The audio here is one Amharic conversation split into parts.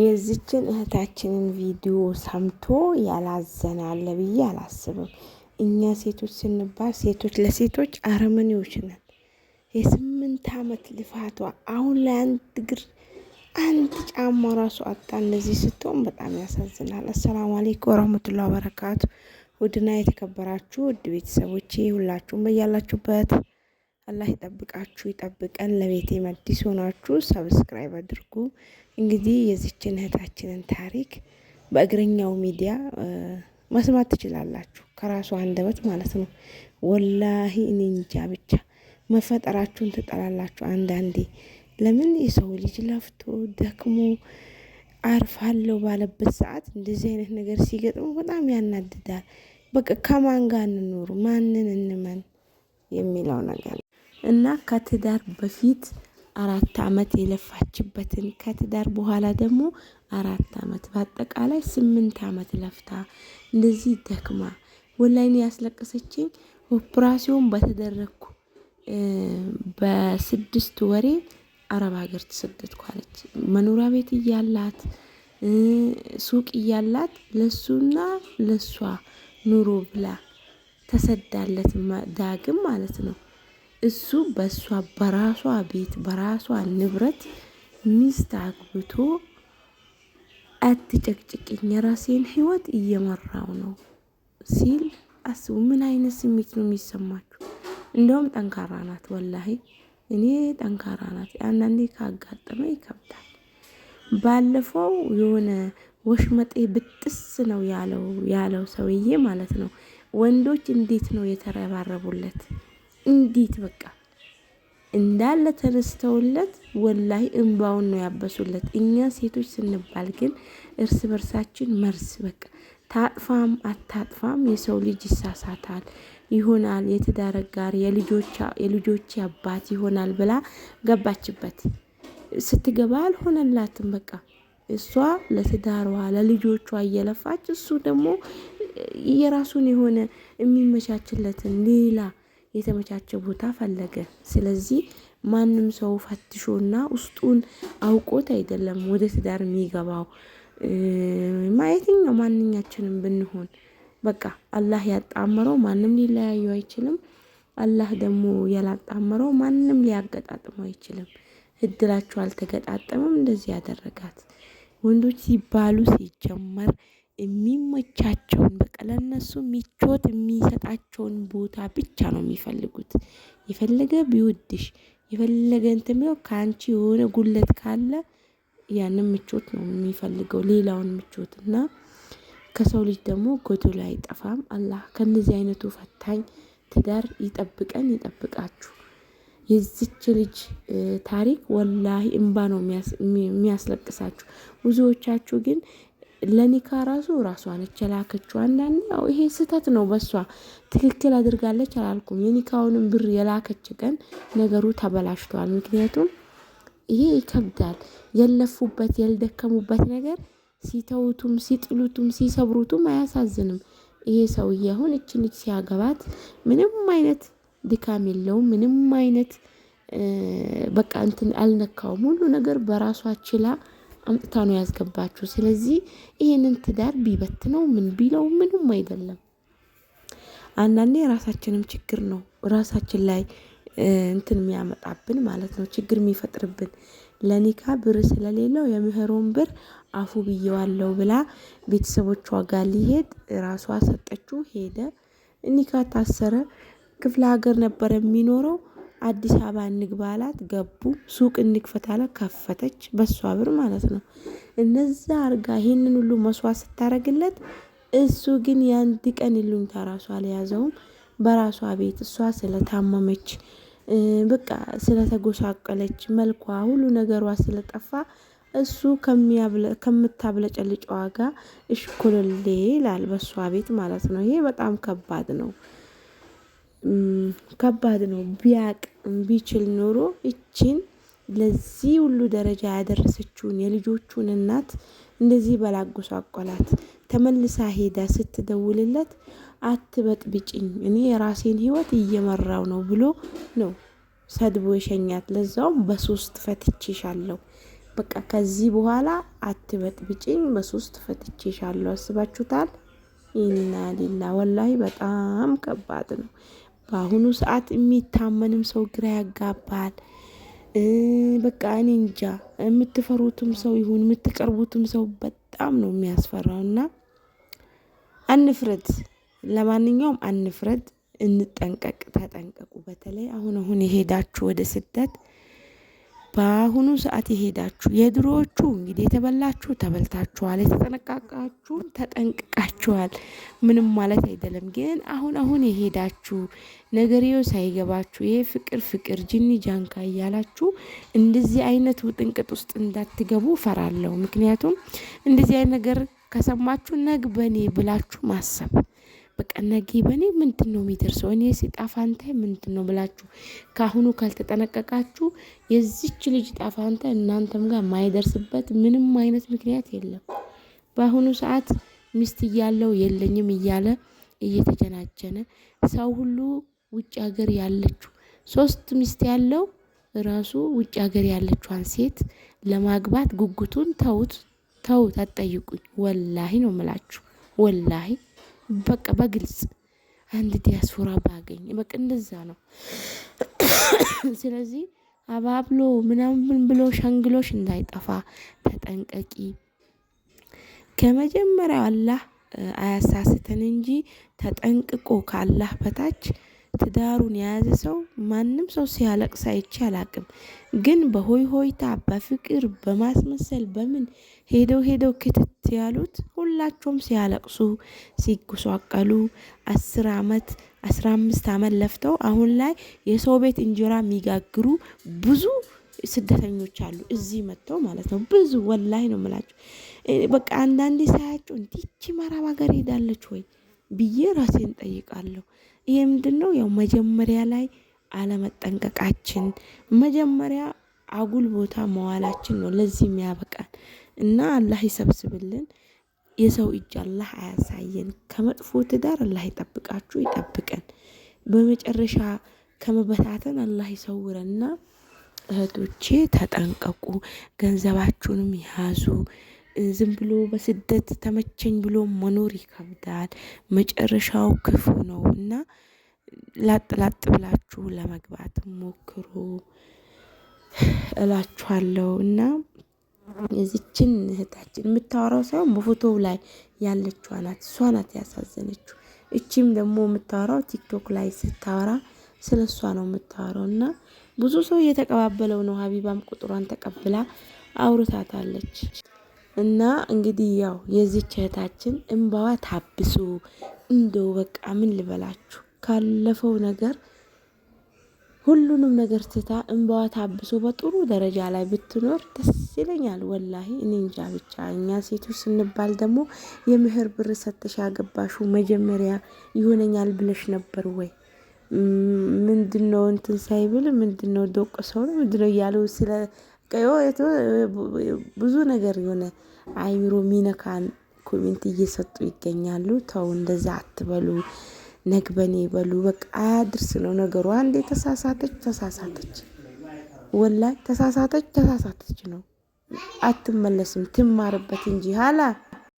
የዚችን እህታችንን ቪዲዮ ሰምቶ ያላዘናለ ብዬ አላስብም። እኛ ሴቶች ስንባል ሴቶች ለሴቶች አረመኔዎች ነን። የስምንት ዓመት ልፋቷ አሁን ላይ አንድ እግር አንድ ጫማ ራሱ አጣ። እንደዚህ ስትሆን በጣም ያሳዝናል። አሰላሙ አሌይኩም ወረህመቱላ በረካቱ ውድና የተከበራችሁ ውድ ቤተሰቦቼ ሁላችሁም በያላችሁበት አላህ ይጠብቃችሁ ይጠብቀን። ለቤቴ አዲስ ሆናችሁ ሰብስክራይብ አድርጉ። እንግዲህ የዚችን እህታችንን ታሪክ በእግረኛው ሚዲያ መስማት ትችላላችሁ፣ ከራሱ አንደበት ማለት ነው። ወላሂ እኔ እንጃ ብቻ መፈጠራችሁን ትጠላላችሁ አንዳንዴ። ለምን የሰው ልጅ ለፍቶ ደክሞ አርፋለሁ ባለበት ሰዓት እንደዚህ አይነት ነገር ሲገጥሙ በጣም ያናድዳል። በቃ ከማን ጋር እንኖር ማንን እንመን የሚለው ነገር እና ከትዳር በፊት አራት አመት የለፋችበትን ከትዳር በኋላ ደግሞ አራት አመት በአጠቃላይ ስምንት አመት ለፍታ እንደዚህ ደክማ ወላይን ያስለቀሰችኝ ኦፕራሲዮን በተደረግኩ በስድስት ወሬ አረብ ሀገር ተሰደድኩ አለች። መኖሪያ ቤት እያላት ሱቅ እያላት ለሱና ለሷ ኑሮ ብላ ተሰዳለት ዳግም ማለት ነው። እሱ በእሷ በራሷ ቤት በራሷ ንብረት ሚስት አግብቶ አትጨቅጭቅኝ፣ የራሴን ህይወት እየመራው ነው ሲል አስቡ። ምን አይነት ስሜት ነው የሚሰማችሁ? እንደውም ጠንካራ ናት፣ ወላሂ እኔ ጠንካራ ናት። አንዳንዴ ካጋጠመ ይከብዳል። ባለፈው የሆነ ወሽመጤ ብጥስ ነው ያለው ያለው ሰውዬ ማለት ነው። ወንዶች እንዴት ነው የተረባረቡለት? እንዴት በቃ እንዳለ ተነስተውለት ወላይ እንባውን ነው ያበሱለት። እኛ ሴቶች ስንባል ግን እርስ በርሳችን መርስ በቃ ታጥፋም አታጥፋም የሰው ልጅ ይሳሳታል ይሆናል የትዳር የልጆች አባት ይሆናል ብላ ገባችበት። ስትገባ አልሆነላትም። በቃ እሷ ለትዳሯ ለልጆቿ እየለፋች እሱ ደግሞ የራሱን የሆነ የሚመቻችለትን ሌላ የተመቻቸ ቦታ ፈለገ። ስለዚህ ማንም ሰው ፈትሾና ውስጡን አውቆት አይደለም ወደ ትዳር የሚገባው። ማየትኛው ማንኛችንም ብንሆን በቃ አላህ ያጣመረው ማንም ሊለያየው አይችልም። አላህ ደግሞ ያላጣመረው ማንም ሊያገጣጥመው አይችልም። እድላችሁ አልተገጣጠመም፣ እንደዚህ ያደረጋት ወንዶች ሲባሉ ሲጀመር የሚመቻቸውን በቃ ለእነሱ ምቾት የሚሰጣቸውን ቦታ ብቻ ነው የሚፈልጉት። የፈለገ ቢወድሽ የፈለገ እንትን ቢሆን ከአንቺ የሆነ ጉለት ካለ ያንን ምቾት ነው የሚፈልገው ሌላውን ምቾት እና ከሰው ልጅ ደግሞ ጎዶሎ አይጠፋም። አላህ ከነዚህ አይነቱ ፈታኝ ትዳር ይጠብቀን ይጠብቃችሁ። የዚች ልጅ ታሪክ ወላሂ እምባ ነው የሚያስለቅሳችሁ። ብዙዎቻችሁ ግን ለኒካ ራሱ ራሷ ነች የላከችው። አንዳንድ ያው ይሄ ስህተት ነው በሷ ትክክል አድርጋለች አላልኩም። የኒካውንም ብር የላከች ቀን ነገሩ ተበላሽቷል። ምክንያቱም ይሄ ይከብዳል። የለፉበት የልደከሙበት ነገር ሲተውቱም ሲጥሉቱም ሲሰብሩቱም አያሳዝንም። ይሄ ሰውዬ አሁን እች ልጅ ሲያገባት ምንም አይነት ድካም የለውም። ምንም አይነት በቃ እንትን አልነካውም። ሁሉ ነገር በራሷ ችላ አምጥታ ነው ያስገባችሁ። ስለዚህ ይህንን ትዳር ቢበት ነው ምን ቢለው ምንም አይደለም። አንዳንዴ የራሳችንም ችግር ነው ራሳችን ላይ እንትን የሚያመጣብን ማለት ነው፣ ችግር የሚፈጥርብን። ለኒካ ብር ስለሌለው የምህሮን ብር አፉ ብየዋለው ብላ ቤተሰቦቿ ጋር ሊሄድ ራሷ ሰጠችው፣ ሄደ፣ ኒካ ታሰረ። ክፍለ ሀገር ነበር የሚኖረው አዲስ አበባ እንግባ አላት። ገቡ። ሱቅ እንክፈት አለ። ከፈተች፣ በሷ ብር ማለት ነው። እነዛ አርጋ ይህንን ሁሉ መስዋዕት ስታረግለት፣ እሱ ግን የአንድ ቀን ይሉኝታ ራሱ አልያዘውም። በራሷ ቤት እሷ ስለታመመች በቃ ስለተጎሳቀለች መልኳ ሁሉ ነገሯ ስለጠፋ እሱ ከምታብለጨልጭ ዋጋ እሽኮሎሌ ይላል። በእሷ ቤት ማለት ነው። ይሄ በጣም ከባድ ነው። ከባድ ነው። ቢያቅ ቢችል ኖሮ እችን ለዚህ ሁሉ ደረጃ ያደረሰችውን የልጆቹን እናት እንደዚህ በላጎሳቆላት። ተመልሳ ሄዳ ስትደውልለት አትበጥብጭኝ፣ እኔ የራሴን ህይወት እየመራው ነው ብሎ ነው ሰድቦ የሸኛት። ለዛውም በሶስት ፈትቼሻለሁ፣ በቃ ከዚህ በኋላ አትበጥብጭኝ፣ በሶስት ፈትቼሻለሁ። አስባችሁታል? ኢና ሊላ ወላሂ፣ በጣም ከባድ ነው። በአሁኑ ሰዓት የሚታመንም ሰው ግራ ያጋባል። በቃ እኔ እንጃ የምትፈሩትም ሰው ይሁን የምትቀርቡትም ሰው በጣም ነው የሚያስፈራው። እና አንፍረት፣ ለማንኛውም አንፍረድ እንጠንቀቅ፣ ተጠንቀቁ። በተለይ አሁን አሁን የሄዳችሁ ወደ ስደት በአሁኑ ሰዓት የሄዳችሁ የድሮዎቹ እንግዲህ የተበላችሁ ተበልታችኋል፣ የተጠነቀቃችሁም ተጠንቅቃችኋል። ምንም ማለት አይደለም። ግን አሁን አሁን የሄዳችሁ ነገሬው ሳይገባችሁ ይሄ ፍቅር ፍቅር ጅኒ ጃንካ እያላችሁ እንደዚህ አይነት ውጥንቅጥ ውስጥ እንዳትገቡ ፈራለሁ። ምክንያቱም እንደዚህ አይነት ነገር ከሰማችሁ ነግ በኔ ብላችሁ ማሰብ በቃ ነገ በእኔ ምንድን ነው የሚደርሰው? እኔ ጣፋንታ ምንድን ነው ብላችሁ ከአሁኑ ካልተጠነቀቃችሁ የዚች ልጅ ጣፋንታ እናንተም ጋር ማይደርስበት ምንም አይነት ምክንያት የለም። በአሁኑ ሰዓት ሚስት እያለው የለኝም እያለ እየተጀናጀነ ሰው ሁሉ ውጭ ሀገር ያለችው ሶስት ሚስት ያለው ራሱ ውጭ ሀገር ያለችዋን ሴት ለማግባት ጉጉቱን ተውት ተውት፣ አትጠይቁኝ። ወላሂ ነው ምላችሁ፣ ወላሂ በቃ በግልጽ አንድ ዲያስፖራ ባገኝ በቃ እንደዛ ነው። ስለዚህ አባብሎ ምናምን ብሎ ሸንግሎሽ እንዳይጠፋ ተጠንቀቂ። ከመጀመሪያው አላህ አያሳስተን እንጂ ተጠንቅቆ ካላህ በታች ትዳሩን የያዘ ሰው ማንም ሰው ሲያለቅስ አይቼ አላቅም። ግን በሆይ ሆይታ በፍቅር በማስመሰል በምን ሄደው ሄደው ክትት ያሉት ሁላቸውም ሲያለቅሱ ሲጎሳቀሉ አስር አመት አስራ አምስት አመት ለፍተው አሁን ላይ የሰው ቤት እንጀራ የሚጋግሩ ብዙ ስደተኞች አሉ እዚህ መጥተው ማለት ነው። ብዙ ወላይ ነው የምላቸው። በቃ አንዳንዴ ሳያቸው እንዲቺ መራብ ሀገር ሄዳለች ወይ ብዬ ራሴን ጠይቃለሁ። ይሄ ምንድን ነው? ያው መጀመሪያ ላይ አለመጠንቀቃችን መጀመሪያ አጉል ቦታ መዋላችን ነው ለዚህ የሚያበቃን እና አላህ ይሰብስብልን። የሰው እጅ አላህ አያሳየን። ከመጥፎ ትዳር አላህ ይጠብቃችሁ ይጠብቀን። በመጨረሻ ከመበታተን አላህ ይሰውረና እህቶቼ ተጠንቀቁ፣ ገንዘባችሁንም ያዙ። ዝም ብሎ በስደት ተመቸኝ ብሎ መኖር ይከብዳል። መጨረሻው ክፉ ነው እና ላጥ ላጥ ብላችሁ ለመግባት ሞክሩ እላችኋለሁ። እና እዚችን እህታችን የምታወራው ሳይሆን በፎቶው ላይ ያለችዋ ናት፣ እሷ ናት ያሳዘነችው። እቺም ደግሞ የምታወራው ቲክቶክ ላይ ስታወራ ስለ እሷ ነው የምታወራው። እና ብዙ ሰው እየተቀባበለው ነው። ሀቢባም ቁጥሯን ተቀብላ አውርታታለች። እና እንግዲህ ያው የዚች እህታችን እንባዋ ታብሶ እንደው በቃ ምን ልበላችሁ ካለፈው ነገር ሁሉንም ነገር ትታ እንባዋ ታብሶ በጥሩ ደረጃ ላይ ብትኖር ደስ ይለኛል። ወላሂ እኔ እንጃ ብቻ እኛ ሴቶች ስንባል ደግሞ የምህር ብር ሰጥሽ ያገባሹ መጀመሪያ ይሆነኛል ብለሽ ነበር ወይ ምንድነው እንትን ሳይብል ምንድነው ዶቅ ሰው ነው ምንድነው እያለው ስለ ብዙ ነገር የሆነ አይምሮ ሚነካን ኮሜንት እየሰጡ ይገኛሉ። ተው እንደዛ አትበሉ፣ ነግበኔ በሉ። በቃ አያድርስ ነው ነገሩ። አንዴ ተሳሳተች ተሳሳተች፣ ወላይ ተሳሳተች ተሳሳተች ነው አትመለስም። ትማርበት እንጂ ሀላ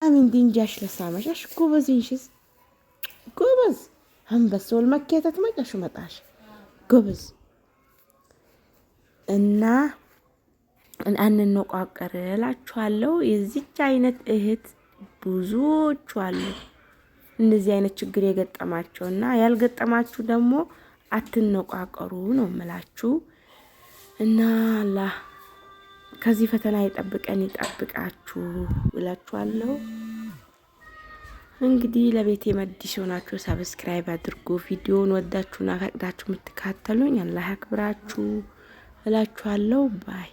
አሚን ዲንጃሽ ለሳመሻሽ ጎበዝ እንሽስ ጎበዝ አንበሰውል መኬተት መጫሽ መጣሽ ጎበዝ እና አንነቋቀር እላችኋለሁ። የዚች አይነት እህት ብዙዎቹ አሉ፣ እንደዚህ አይነት ችግር የገጠማቸው እና ያልገጠማችሁ ደግሞ አትነቋቀሩ ነው የምላችሁ። እና አላህ ከዚህ ፈተና ይጠብቀን ይጠብቃችሁ እላችኋለሁ። እንግዲህ ለቤት መዲስ የሆናችሁ ሰብስክራይብ አድርጎ ቪዲዮን ወዳችሁና ፈቅዳችሁ የምትካተሉኝ አላህ ያክብራችሁ እላችኋለሁ ባይ